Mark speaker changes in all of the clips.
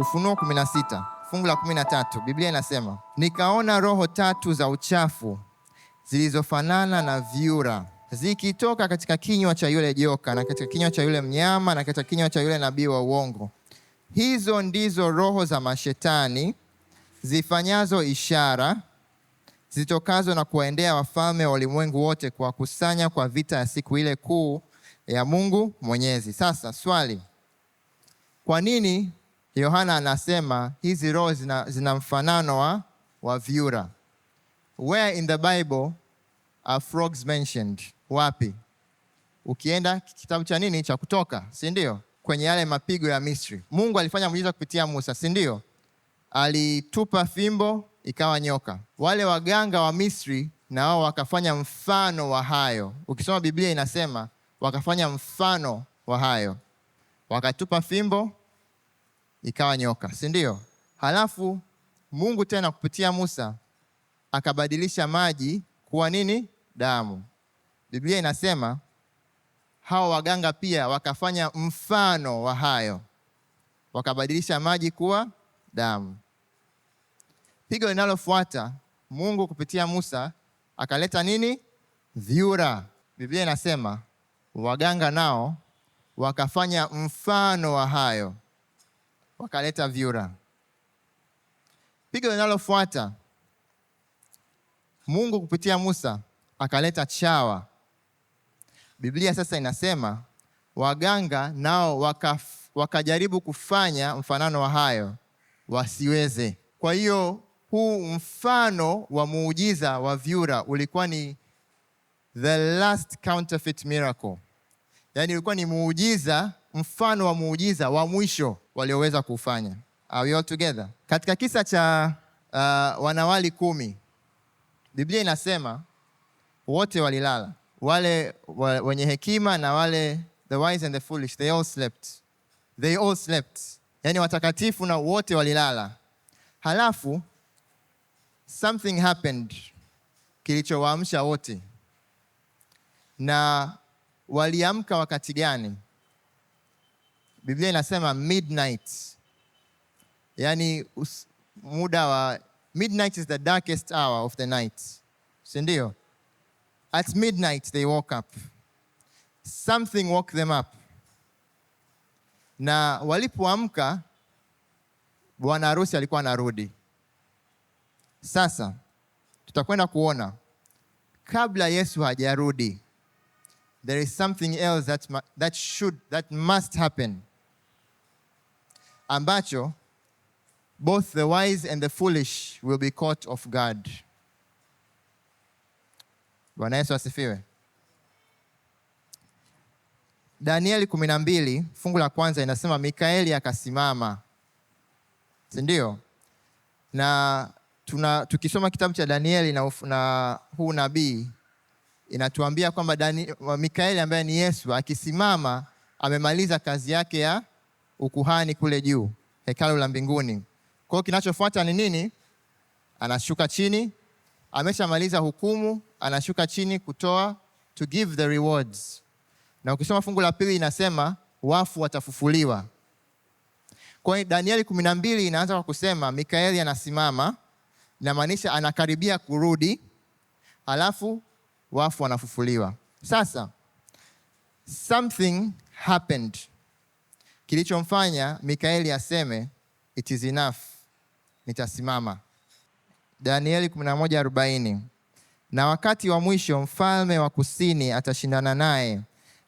Speaker 1: Ufunuo 16 fungu la 13, Biblia inasema nikaona roho tatu za uchafu zilizofanana na vyura zikitoka katika kinywa cha yule joka na katika kinywa cha yule mnyama na katika kinywa cha yule nabii wa uongo. Hizo ndizo roho za mashetani zifanyazo ishara zitokazo na kuwaendea wafalme wa ulimwengu wote kuwakusanya kwa vita ya siku ile kuu ya Mungu Mwenyezi. Sasa swali, kwa nini Yohana anasema hizi roho zina, zina mfanano wa, wa vyura. Where in the Bible are frogs mentioned? Wapi? Ukienda kitabu cha nini cha Kutoka, si ndio? Kwenye yale mapigo ya Misri, Mungu alifanya muujiza kupitia Musa, si ndio? Alitupa fimbo ikawa nyoka. Wale waganga wa Misri na wao wakafanya mfano wa hayo. Ukisoma Biblia inasema wakafanya mfano wa hayo, wakatupa fimbo ikawa nyoka, si ndio? Halafu Mungu tena kupitia Musa akabadilisha maji kuwa nini? Damu. Biblia inasema hawa waganga pia wakafanya mfano wa hayo, wakabadilisha maji kuwa damu. Pigo linalofuata Mungu kupitia Musa akaleta nini? Vyura. Biblia inasema waganga nao wakafanya mfano wa hayo, wakaleta vyura. Pigo linalofuata, Mungu kupitia Musa akaleta chawa. Biblia sasa inasema waganga nao waka, wakajaribu kufanya mfanano wa hayo wasiweze. Kwa hiyo huu mfano wa muujiza wa vyura ulikuwa ni the last counterfeit miracle, yaani ulikuwa ni muujiza, mfano wa muujiza wa mwisho walioweza kufanya. Are we all together? Katika kisa cha uh, wanawali kumi, Biblia inasema wote walilala, wale wenye hekima na wale the wise and the foolish, they all slept. They all slept, yani watakatifu na wote walilala. Halafu something happened kilichowaamsha wote, na waliamka wakati gani? Biblia inasema midnight, yaani muda wa midnight is the darkest hour of the night, sindio ndio? At midnight they woke up, something woke them up. Na walipoamka bwana harusi alikuwa anarudi. Sasa tutakwenda kuona kabla Yesu hajarudi, there is something else that, that should, that must happen ambacho both the wise and the foolish will be caught of god Bwana Yesu asifiwe. Danieli 12 fungu la kwanza inasema Mikaeli akasimama, si Na tuna, tukisoma kitabu cha Danieli na, na huu nabii inatuambia kwamba Mikaeli ambaye ni Yesu akisimama amemaliza kazi yake ya ukuhani kule juu, hekalu la mbinguni. Kwa hiyo kinachofuata ni nini? Anashuka chini, ameshamaliza hukumu, anashuka chini kutoa, to give the rewards. Na ukisoma fungu la pili inasema wafu watafufuliwa. Kwa hiyo Danieli kumi na mbili inaanza kwa kusema Mikaeli anasimama, inamaanisha anakaribia kurudi, alafu wafu wanafufuliwa. Sasa something happened kilichomfanya Mikaeli aseme it is enough, nitasimama. Danieli 11:40. Na wakati wa mwisho mfalme wa kusini atashindana naye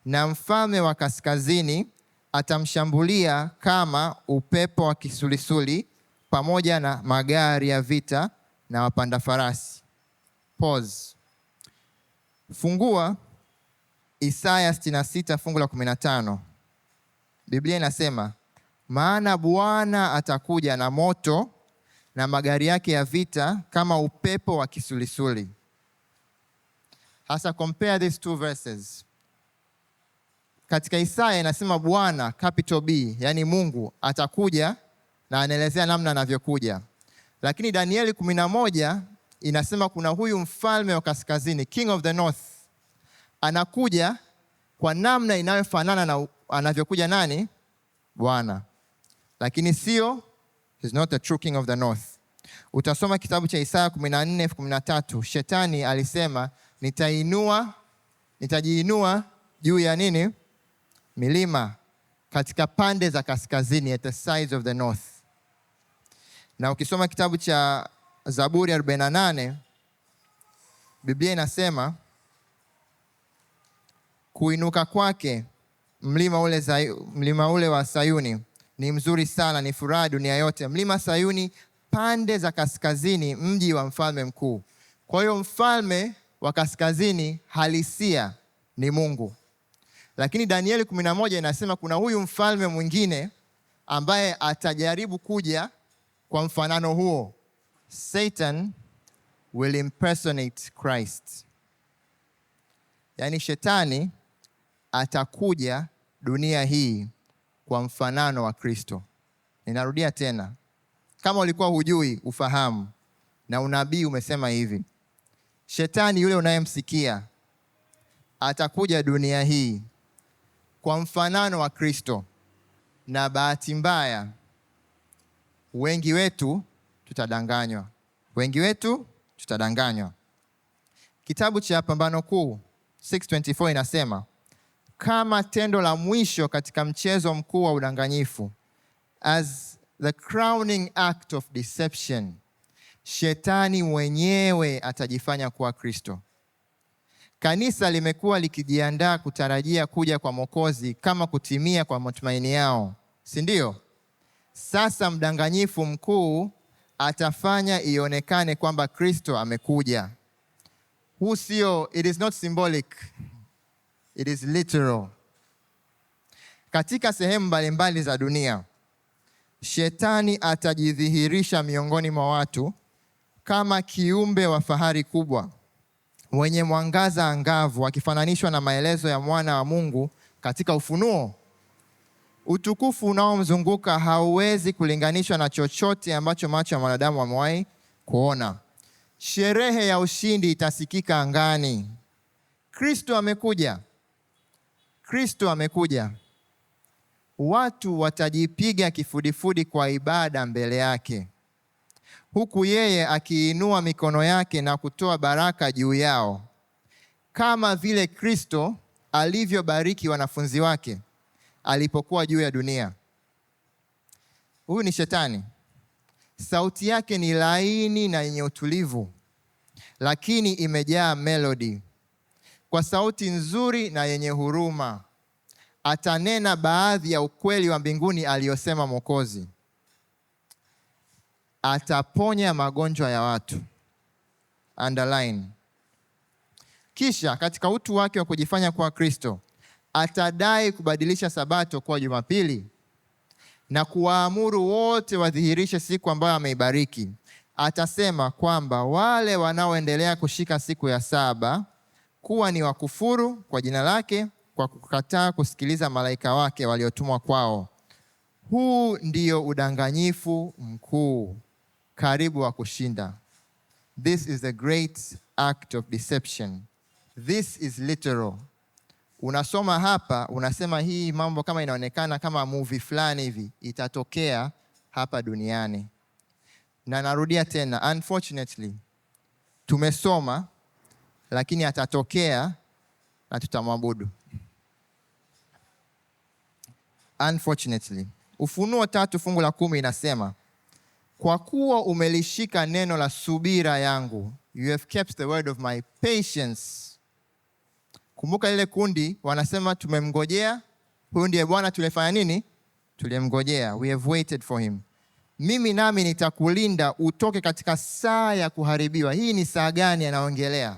Speaker 1: na mfalme wa kaskazini atamshambulia kama upepo wa kisulisuli pamoja na magari ya vita na wapanda farasi. Pause. Fungua Isaya 66 fungu la 15. Biblia inasema, maana Bwana atakuja na moto na magari yake ya vita kama upepo wa kisulisuli. Hasa compare these two verses. Katika Isaya inasema Bwana capital B, yani Mungu atakuja na anaelezea namna anavyokuja, lakini Danieli 11 inasema kuna huyu mfalme wa kaskazini, king of the north, anakuja kwa namna inayofanana na anavyokuja nani? Bwana. Lakini sio not the true king of the north. Utasoma kitabu cha Isaya 14:13, Shetani alisema nitainua nitajiinua juu ya nini? Milima katika pande za kaskazini, at the sides of the north. Na ukisoma kitabu cha Zaburi 48 Biblia inasema kuinuka kwake mlima ule, zayu, mlima ule wa Sayuni ni mzuri sana, ni furaha dunia yote. Mlima Sayuni, pande za kaskazini, mji wa mfalme mkuu. Kwa hiyo mfalme wa kaskazini halisia ni Mungu, lakini Danieli 11 inasema kuna huyu mfalme mwingine ambaye atajaribu kuja kwa mfanano huo. Satan will impersonate Christ, yaani shetani atakuja dunia hii kwa mfanano wa Kristo. Ninarudia tena, kama ulikuwa hujui, ufahamu. Na unabii umesema hivi, shetani yule unayemsikia atakuja dunia hii kwa mfanano wa Kristo. Na bahati mbaya, wengi wetu tutadanganywa, wengi wetu tutadanganywa. Kitabu cha Pambano Kuu 624 inasema kama tendo la mwisho katika mchezo mkuu wa udanganyifu, as the crowning act of deception, shetani mwenyewe atajifanya kuwa Kristo. Kanisa limekuwa likijiandaa kutarajia kuja kwa mokozi kama kutimia kwa matumaini yao, si ndio? Sasa mdanganyifu mkuu atafanya ionekane kwamba Kristo amekuja. Huu sio, it is not symbolic It is literal. Katika sehemu mbalimbali za dunia, shetani atajidhihirisha miongoni mwa watu kama kiumbe wa fahari kubwa mwenye mwangaza angavu, akifananishwa na maelezo ya mwana wa Mungu katika Ufunuo. Utukufu unaomzunguka hauwezi kulinganishwa na chochote ambacho macho ya mwanadamu amewahi kuona. Sherehe ya ushindi itasikika angani. Kristo amekuja. Kristo amekuja, watu watajipiga kifudifudi kwa ibada mbele yake, huku yeye akiinua mikono yake na kutoa baraka juu yao, kama vile Kristo alivyobariki wanafunzi wake alipokuwa juu ya dunia. Huyu ni Shetani. Sauti yake ni laini na yenye utulivu, lakini imejaa melodi kwa sauti nzuri na yenye huruma. Atanena baadhi ya ukweli wa mbinguni aliyosema Mwokozi. Ataponya magonjwa ya watu. Underline. Kisha katika utu wake wa kujifanya kuwa Kristo atadai kubadilisha Sabato kuwa Jumapili na kuwaamuru wote wadhihirishe siku ambayo ameibariki. Atasema kwamba wale wanaoendelea kushika siku ya saba kuwa ni wakufuru kwa jina lake kwa kukataa kusikiliza malaika wake waliotumwa kwao. Huu ndio udanganyifu mkuu, karibu wa kushinda. This is the great act of deception. This is literal. Unasoma hapa unasema hii mambo kama inaonekana kama movie fulani hivi itatokea hapa duniani, na narudia tena, unfortunately tumesoma lakini atatokea na tutamwabudu. Unfortunately, Ufunuo tatu fungu la kumi inasema kwa kuwa umelishika neno la subira yangu, you have kept the word of my patience. Kumbuka lile kundi wanasema tumemngojea huyu ndiye Bwana, tulifanya nini? Tulimngojea, we have waited for him. Mimi nami nitakulinda utoke katika saa ya kuharibiwa. Hii ni saa gani anaongelea?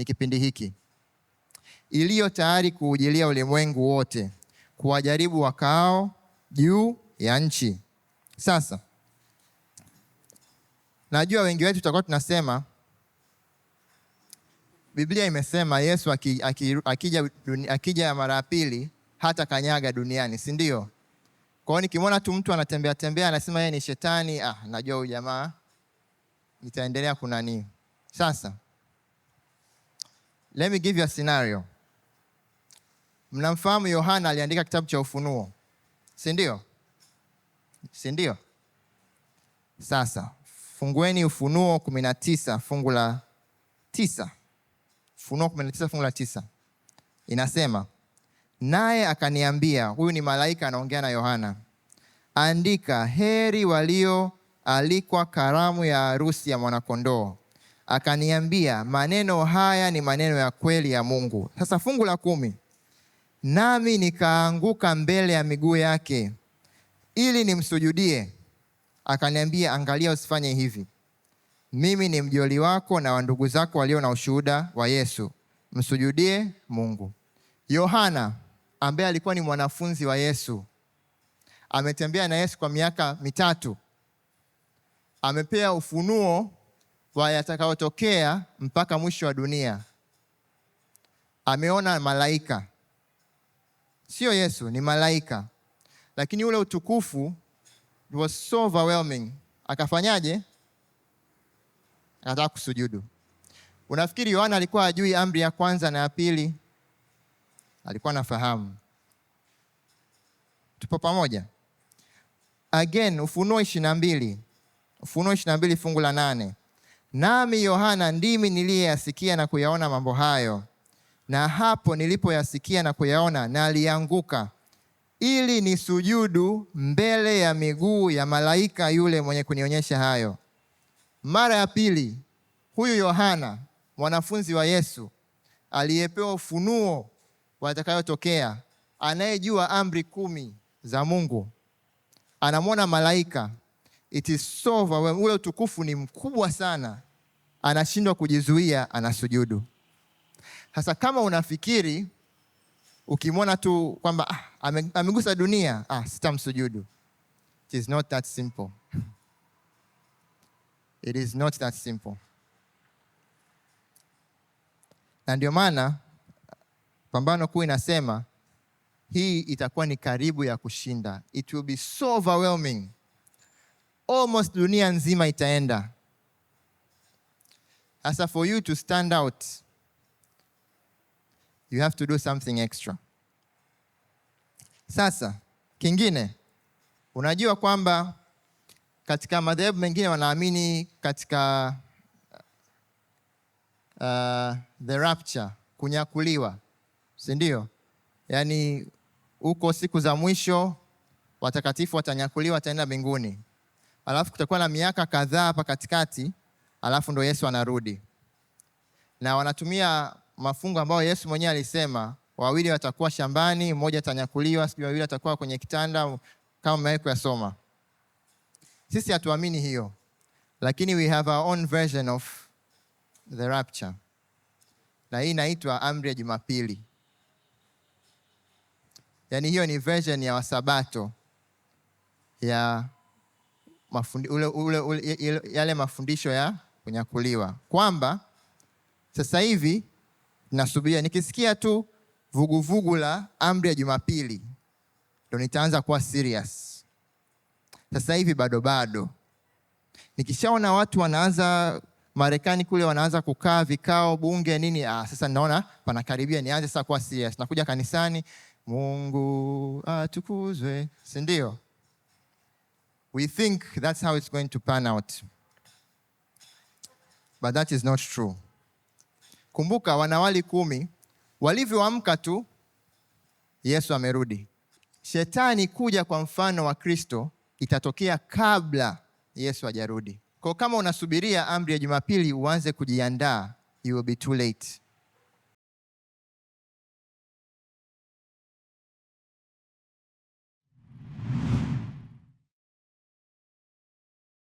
Speaker 1: ni kipindi hiki, iliyo tayari kuujilia ulimwengu wote, kuwajaribu wakaao juu ya nchi. Sasa najua wengi wetu tutakuwa tunasema Biblia imesema Yesu akija, aki, aki mara ya pili hata kanyaga duniani, si kwao nikimwona tu mtu anatembea tembea anasema yeye ni shetani, ah, najua huyu jamaa nitaendelea kunanii. Sasa Let me give you a scenario. Mnamfahamu Yohana aliandika kitabu cha Ufunuo, si ndio? Si ndio? Sasa fungueni Ufunuo 19 fungu la 9. Ufunuo 19 fungu la 9 inasema, naye akaniambia, huyu ni malaika anaongea na Yohana, andika, heri walio alikwa karamu ya harusi ya mwanakondoo akaniambia, maneno haya ni maneno ya kweli ya Mungu. Sasa fungu la kumi, nami nikaanguka mbele ya miguu yake ili nimsujudie. Akaniambia, angalia, usifanye hivi. Mimi ni mjoli wako na wandugu zako walio na ushuhuda wa Yesu, msujudie Mungu. Yohana ambaye alikuwa ni mwanafunzi wa Yesu, ametembea na Yesu kwa miaka mitatu, amepea ufunuo kwa yatakayotokea mpaka mwisho wa dunia. Ameona malaika, sio Yesu, ni malaika. Lakini ule utukufu was so overwhelming, akafanyaje? Anataka kusujudu. Unafikiri Yohana alikuwa ajui amri ya kwanza na ya pili? Alikuwa anafahamu. Tupo pamoja? Again, Ufunuo ishirina na mbili Ufunuo ishiri na mbili fungu la nane Nami Yohana ndimi niliyeyasikia na kuyaona mambo hayo, na hapo nilipoyasikia na kuyaona, nalianguka ili nisujudu mbele ya miguu ya malaika yule mwenye kunionyesha hayo. Mara ya pili, huyu Yohana mwanafunzi wa Yesu aliyepewa ufunuo watakayotokea, anayejua amri kumi za Mungu, anamwona malaika it is so overwhelming. Ule utukufu ni mkubwa sana, anashindwa kujizuia, anasujudu. Sasa kama unafikiri ukimwona tu kwamba ah, amegusa dunia ah, sitamsujudu, it is not that simple. It is not that simple. Na ndio maana Pambano Kuu inasema hii itakuwa ni karibu ya kushinda, it will be so overwhelming almost dunia nzima itaenda. Sasa for you to stand out, you have to do something extra. Sasa kingine, unajua kwamba katika madhehebu mengine wanaamini katika uh, the rapture, kunyakuliwa, sindio yani Yaani huko siku za mwisho watakatifu watanyakuliwa, wataenda mbinguni alafu kutakuwa na miaka kadhaa hapa katikati, alafu ndo Yesu anarudi, na wanatumia mafungo ambayo Yesu mwenyewe alisema, wawili watakuwa shambani, mmoja atanyakuliwa, sijui wawili watakuwa kwenye kitanda, kama mmewai kuyasoma. Sisi hatuamini hiyo, lakini we have our own version of the rapture, na hii inaitwa amri ya Jumapili. Yaani hiyo ni version ya Wasabato ya mafundi, ule, ule, ule, yale mafundisho ya kunyakuliwa kwamba sasa hivi nasubiria nikisikia tu vuguvugu la amri ya Jumapili ndo nitaanza kuwa serious. Sasa hivi bado bado, nikishaona watu wanaanza Marekani kule wanaanza kukaa vikao bunge nini, ah, sasa naona panakaribia nianze sasa kuwa serious. Nakuja kanisani, Mungu atukuzwe, si ndio? We think that's how it's going to pan out, but that is not true. Kumbuka wanawali kumi walivyoamka tu, Yesu amerudi. Shetani kuja kwa mfano wa Kristo itatokea kabla Yesu ajarudi Kwa kama unasubiria amri ya Jumapili uanze kujiandaa, you will be too late.